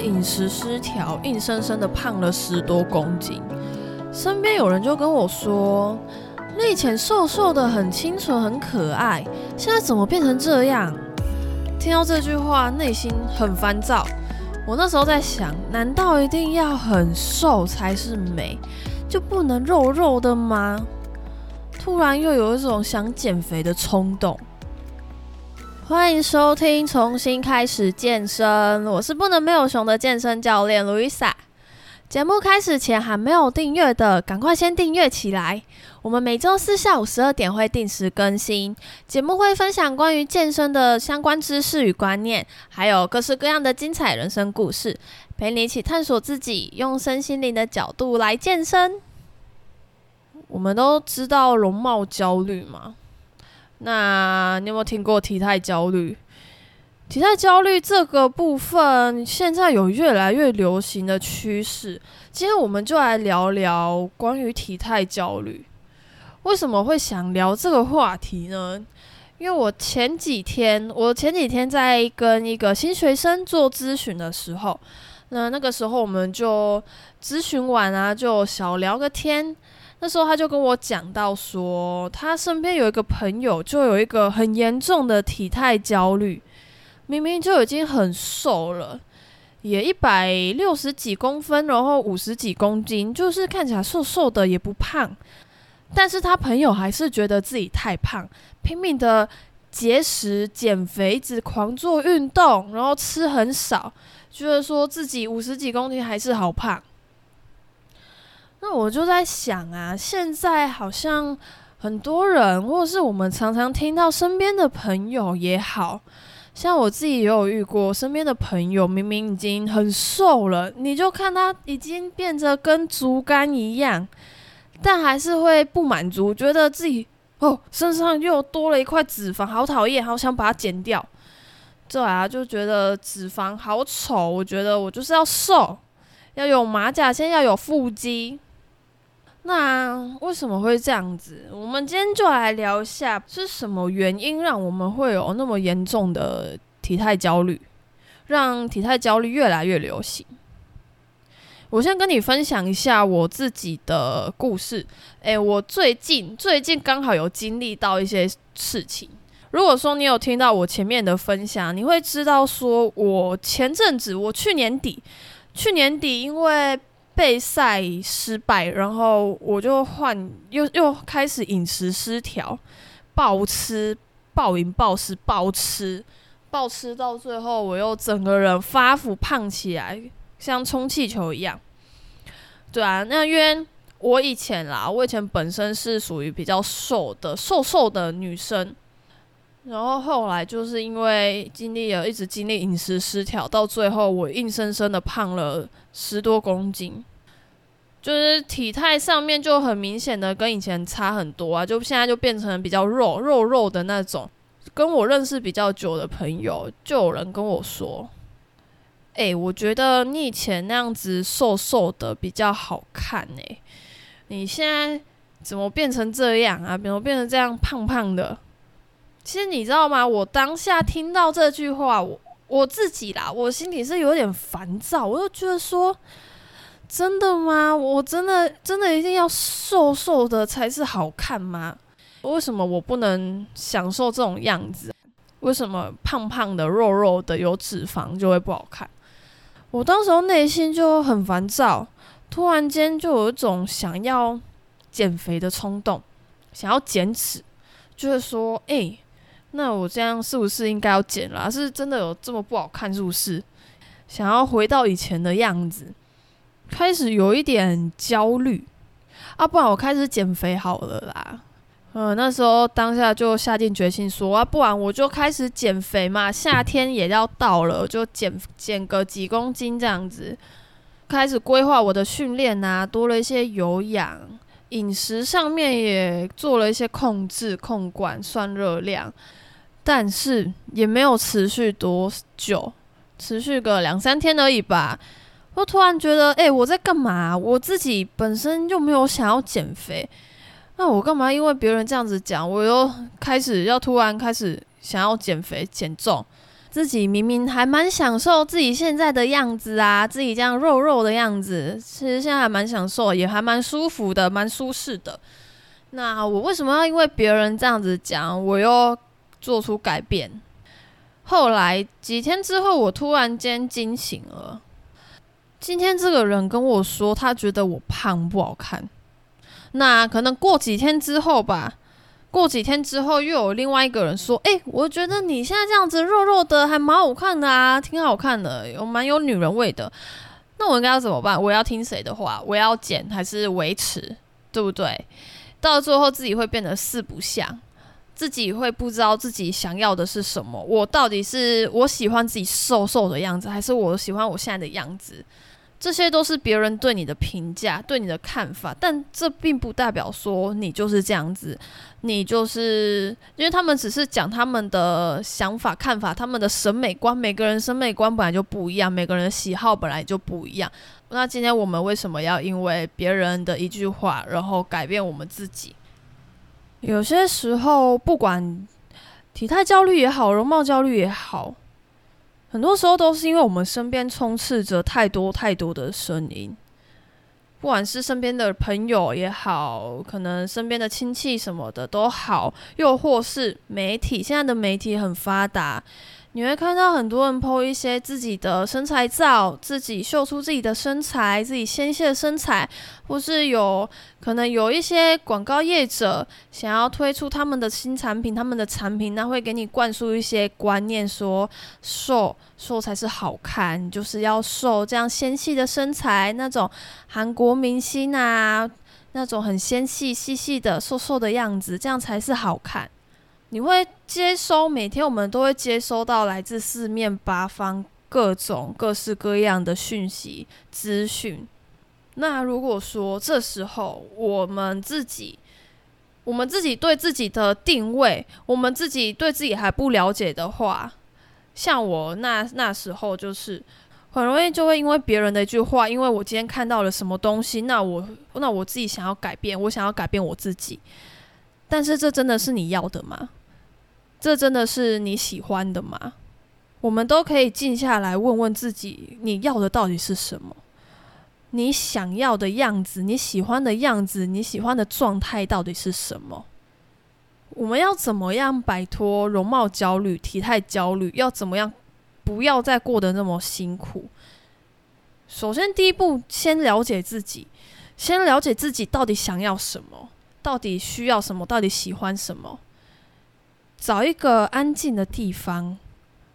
飲食失調，硬生生的胖了十多公斤。身邊有人就跟我說：“你以前瘦瘦的，很清純，很可愛，現在怎麼變成這樣？”聽到這句話，內心很煩躁。我那時候在想：難道一定要很瘦才是美，就不能肉肉的嗎？突然又有一種想減肥的衝動。歡迎收聽《重新開始健身》，我是不能沒有熊的健身教練 Louisa。節目開始前還沒有訂閱的，趕快先訂閱起來。我們每周四下午十二點會定時更新，節目會分享關於健身的相關知識與觀念，還有各式各樣的精彩人生故事，陪你一起探索自己，用身心靈的角度來健身。我們都知道容貌焦慮嘛。那你有沒有聽過體態焦慮？體態焦慮這個部分現在有越來越流行的趨勢。今天我們就來聊聊關於體態焦慮。為什麼會想聊這個話題呢？因為我前幾天，我前幾天在跟一個新學生做諮詢的時候，那那個時候我們就諮詢完啊，就小聊個天。那時候他就跟我講到說，說他身邊有一個朋友，就有一個很嚴重的體態焦慮，明明就已經很瘦了，也一百六十幾公分，然後五十幾公斤，就是看起來瘦瘦的，也不胖，但是他朋友還是覺得自己太胖，拼命的節食減肥，只狂做運動，然後吃很少，就是說自己五十幾公斤還是好胖。那我就在想啊，現在好像很多人，或者是我們常常聽到身邊的朋友也好，像我自己也有遇過，身邊的朋友明明已經很瘦了，你就看他已經變得跟竹竿一樣，但還是會不滿足，覺得自己哦身上又多了一塊脂肪，好討厭，好想把它減掉。對啊，就覺得脂肪好醜，我覺得我就是要瘦，要有馬甲線，要有腹肌。那為什麼會這樣子？我們今天就來聊一下是什麼原因讓我們會有那麼嚴重的體態焦慮，讓體態焦慮越來越流行。我先跟你分享一下我自己的故事。欸，我最近，最近剛好有經歷到一些事情。如果說你有聽到我前面的分享，你會知道說我前陣子，我去年底，去年底因為，備賽失敗，然後我就換，又又開始飲食失調，暴吃、暴飲、暴食、暴吃、暴吃，吃到最後我又整個人發福胖起來，像充氣球一樣。對啊，那因為我以前啦，我以前本身是屬於比較瘦的、瘦瘦的女生。然後後來就是因為經歷了一直經歷飲食失調，到最後我硬生生的胖了十多公斤，就是體態上面就很明顯的跟以前差很多啊，就現在就變成比較肉肉肉的那種。跟我認識比較久的朋友，就有人跟我說：“誒，我覺得你以前那樣子瘦瘦的比較好看誒，你現在怎麼變成這樣啊？怎麼變成這樣胖胖的？”其實你知道嗎？我當下聽到這句話，我我自己啦，我心裡是有點煩躁。我就覺得說，真的嗎？我真的真的一定要瘦瘦的才是好看嗎？為什麼我不能享受這種樣子？為什麼胖胖的、肉肉的、有脂肪就會不好看？我當時候內心就很煩躁，突然間就有一種想要減肥的衝動，想要減脂，就是說，哎、欸。那我這樣是不是應該要減了、啊？是真的有這麼不好看是不是？想要回到以前的樣子。開始有一點焦慮啊！不然我開始減肥好了啦。呃、嗯，那時候當下就下定決心說啊，不然我就開始減肥嘛。夏天也要到了，就減減個幾公斤這樣子。開始規劃我的訓練啊，多了一些有氧，飲食上面也做了一些控制、控管、算熱量。但是也沒有持續多久，持續個兩三天而已吧。我就突然覺得，哎、欸，我在幹嘛？我自己本身就沒有想要減肥，那我幹嘛？因為別人這樣子講，我又開始要突然開始想要減肥減重。自己明明還蠻享受自己現在的樣子啊，自己這樣肉肉的樣子，其實現在還蠻享受，也還蠻舒服的，蠻舒適的。那我為什麼要因為別人這樣子講，我又做出改變。後來幾天之後，我突然間驚醒了。今天這個人跟我說，他覺得我胖不好看。那可能過幾天之後吧，過幾天之後又有另外一個人說：“誒，我覺得你現在這樣子肉肉的，還蠻好看的啊，挺好看的，有蠻有女人味的。”那我應該要怎麼辦？我要聽誰的話？我要減還是維持？對不對？到最後自己會變得四不像。自己會不知道自己想要的是什麼。我到底是我喜歡自己瘦瘦的樣子，還是我喜歡我現在的樣子？這些都是別人對你的評價，對你的看法，但這並不代表說你就是這樣子。你就是因為他們只是講他們的想法、看法，他們的審美觀。每個人審美觀本來就不一樣，每個人的喜好本來就不一樣。那今天我們為什麼要因為別人的一句話，然後改變我們自己？有些時候，不管體態焦慮也好，容貌焦慮也好，很多時候都是因為我們身邊充斥着太多太多的聲音，不管是身邊的朋友也好，可能身邊的親戚什麼的都好，又或是媒體，現在的媒體很發達。你會看到很多人 PO 一些自己的身材照，自己秀出自己的身材，自己纖細的身材，或是有可能有一些廣告業者想要推出他們的新產品，他們的產品那會給你灌輸一些觀念說，說瘦瘦才是好看，你就是要瘦，這樣纖細的身材，那種韓國明星啊，那種很纖細細細的瘦瘦的樣子，這樣才是好看。你會接收，每天我們都會接收到來自四面八方各種各式各樣的訊息資訊。那如果說這時候我們自己，我們自己對自己的定位，我們自己對自己還不了解的話，像我那那時候，就是很容易就會因為別人的一句話，因為我今天看到了什麼東西，那我那我自己想要改變，我想要改變我自己，但是這真的是你要的嗎？這真的是你喜歡的嗎？我們都可以靜下來問問自己，你要的到底是什麼？你想要的樣子，你喜歡的樣子，你喜歡的狀態到底是什麼？我們要怎麼樣擺脫容貌焦慮、體態焦慮？要怎麼樣不要再過得那麼辛苦？首先，第一步，先了解自己，先了解自己到底想要什麼，到底需要什麼，到底喜歡什麼。找一個安靜的地方，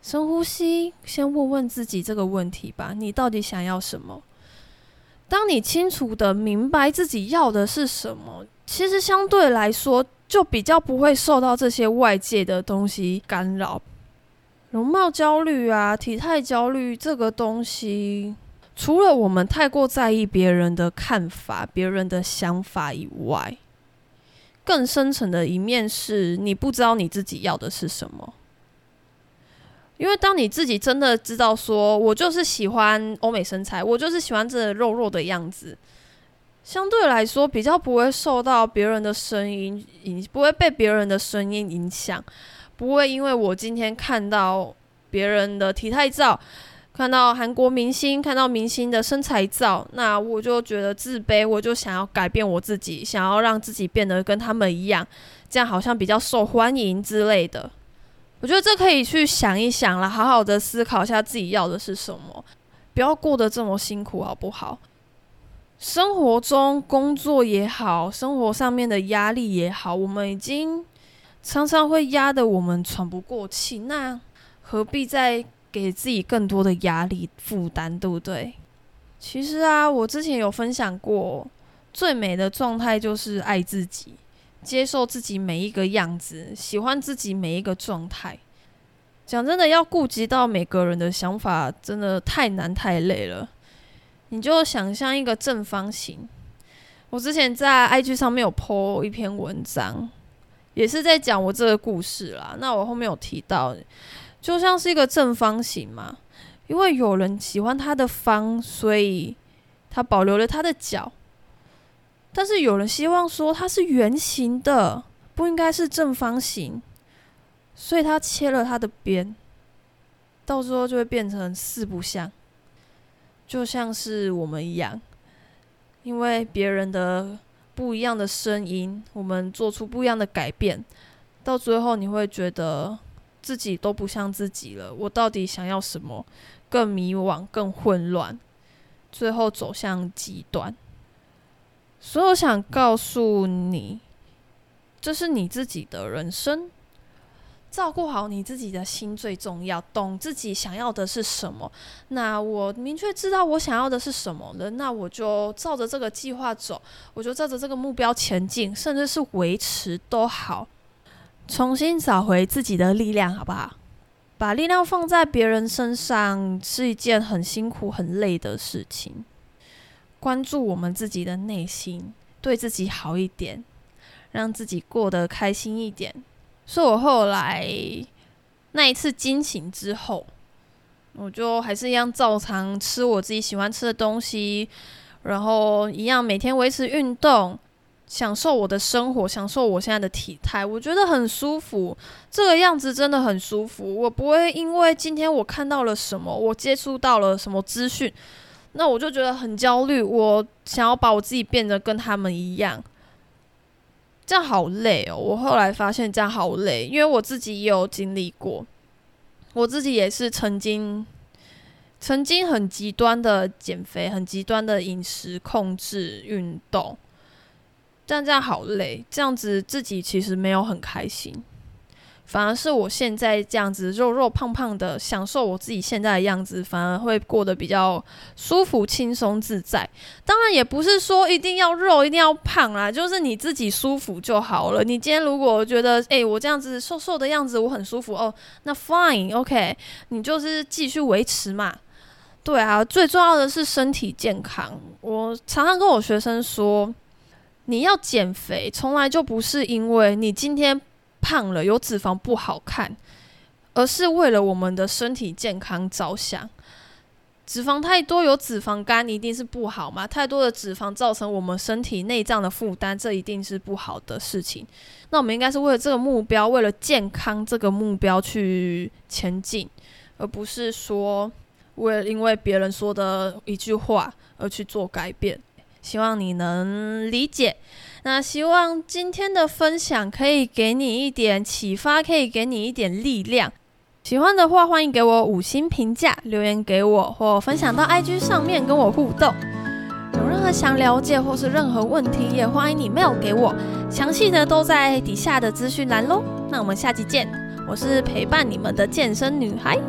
深呼吸，先問問自己這個問題吧：你到底想要什麼？當你清楚地明白自己要的是什麼，其實相對來說就比較不會受到這些外界的東西干擾。容貌焦慮啊，體態焦慮，這個東西，除了我們太過在意別人的看法、別人的想法以外。更深層的一面是你不知道你自己要的是什麼，因為當你自己真的知道說我就是喜歡歐美身材，我就是喜歡這肉肉的樣子，相對來說比較不會受到別人的聲音影，不會被別人的聲音影響，不會因為我今天看到別人的體態照，看到韓國明星，看到明星的身材照，那我就覺得自卑，我就想要改變我自己，想要讓自己變得跟他們一樣，這樣好像比較受歡迎之類的。我覺得這可以去想一想了，好好的思考一下自己要的是什麼，不要過得這麼辛苦，好不好？生活中工作也好，生活上面的壓力也好，我們已經常常會壓得我們喘不過氣，那何必再給自己更多的壓力負擔，對不對？其實啊，我之前有分享過，最美的狀態就是愛自己，接受自己每一個樣子，喜歡自己每一個狀態。講真的，要顧及到每個人的想法，真的太難太累了。你就想象一個正方形，我之前在 IG 上面有 po 一篇文章，也是在講我這個故事啦。那我後面有提到。就像是一個正方形嘛，因為有人喜歡它的方，所以它保留了它的角。但是有人希望說它是圓形的，不應該是正方形，所以它切了它的邊，到時候就會變成四不像。就像是我們一樣，因為別人的不一樣的聲音，我們做出不一樣的改變，到最後你會覺得。自己都不像自己了，我到底想要什麼？更迷惘，更混亂，最後走向極端。所以我想告訴你，這是你自己的人生，照顧好你自己的心最重要，懂自己想要的是什麼。那我明確知道我想要的是什麼了，那我就照着這個計劃走，我就照着這個目標前進，甚至是維持都好。重新找回自己的力量，好不好？把力量放在別人身上是一件很辛苦、很累的事情。關注我們自己的內心，對自己好一點，讓自己過得開心一點。所以我後來那一次驚醒之後，我就還是一樣照常吃我自己喜歡吃的東西，然後一樣每天維持運動。享受我的生活，享受我現在的體態，我覺得很舒服。這個樣子真的很舒服。我不會因為今天我看到了什麼，我接觸到了什麼資訊，那我就覺得很焦慮。我想要把我自己變得跟他們一樣，這樣好累哦。我後來發現這樣好累，因為我自己也有經歷過，我自己也是曾經，曾經很極端的減肥，很極端的飲食控制、運動。但這樣好累，這樣子自己其實沒有很開心，反而是我現在這樣子肉肉胖胖的，享受我自己現在的樣子，反而會過得比較舒服、輕鬆、自在。當然，也不是說一定要肉、一定要胖啦，就是你自己舒服就好了。你今天如果覺得，欸，我這樣子瘦瘦的樣子我很舒服哦，那 fine，OK，你就是繼續維持嘛。對啊，最重要的是身體健康。我常常跟我學生說。你要減肥，從來就不是因為你今天胖了，有脂肪不好看，而是為了我們的身體健康着想。脂肪太多，有脂肪肝一定是不好嘛。太多的脂肪造成我們身體內臟的負擔，這一定是不好的事情。那我們應該是為了這個目標，為了健康這個目標去前進，而不是說為了因為別人說的一句話而去做改變。希望你能理解。那希望今天的分享可以給你一點啟發，可以給你一點力量。喜歡的話，歡迎給我五星評價，留言給我，或分享到 IG 上面跟我互動。有任何想了解或是任何問題，也歡迎你 mail 給我，詳細的都在底下的資訊欄嘍。那我們下期見，我是陪伴你們的健身女孩。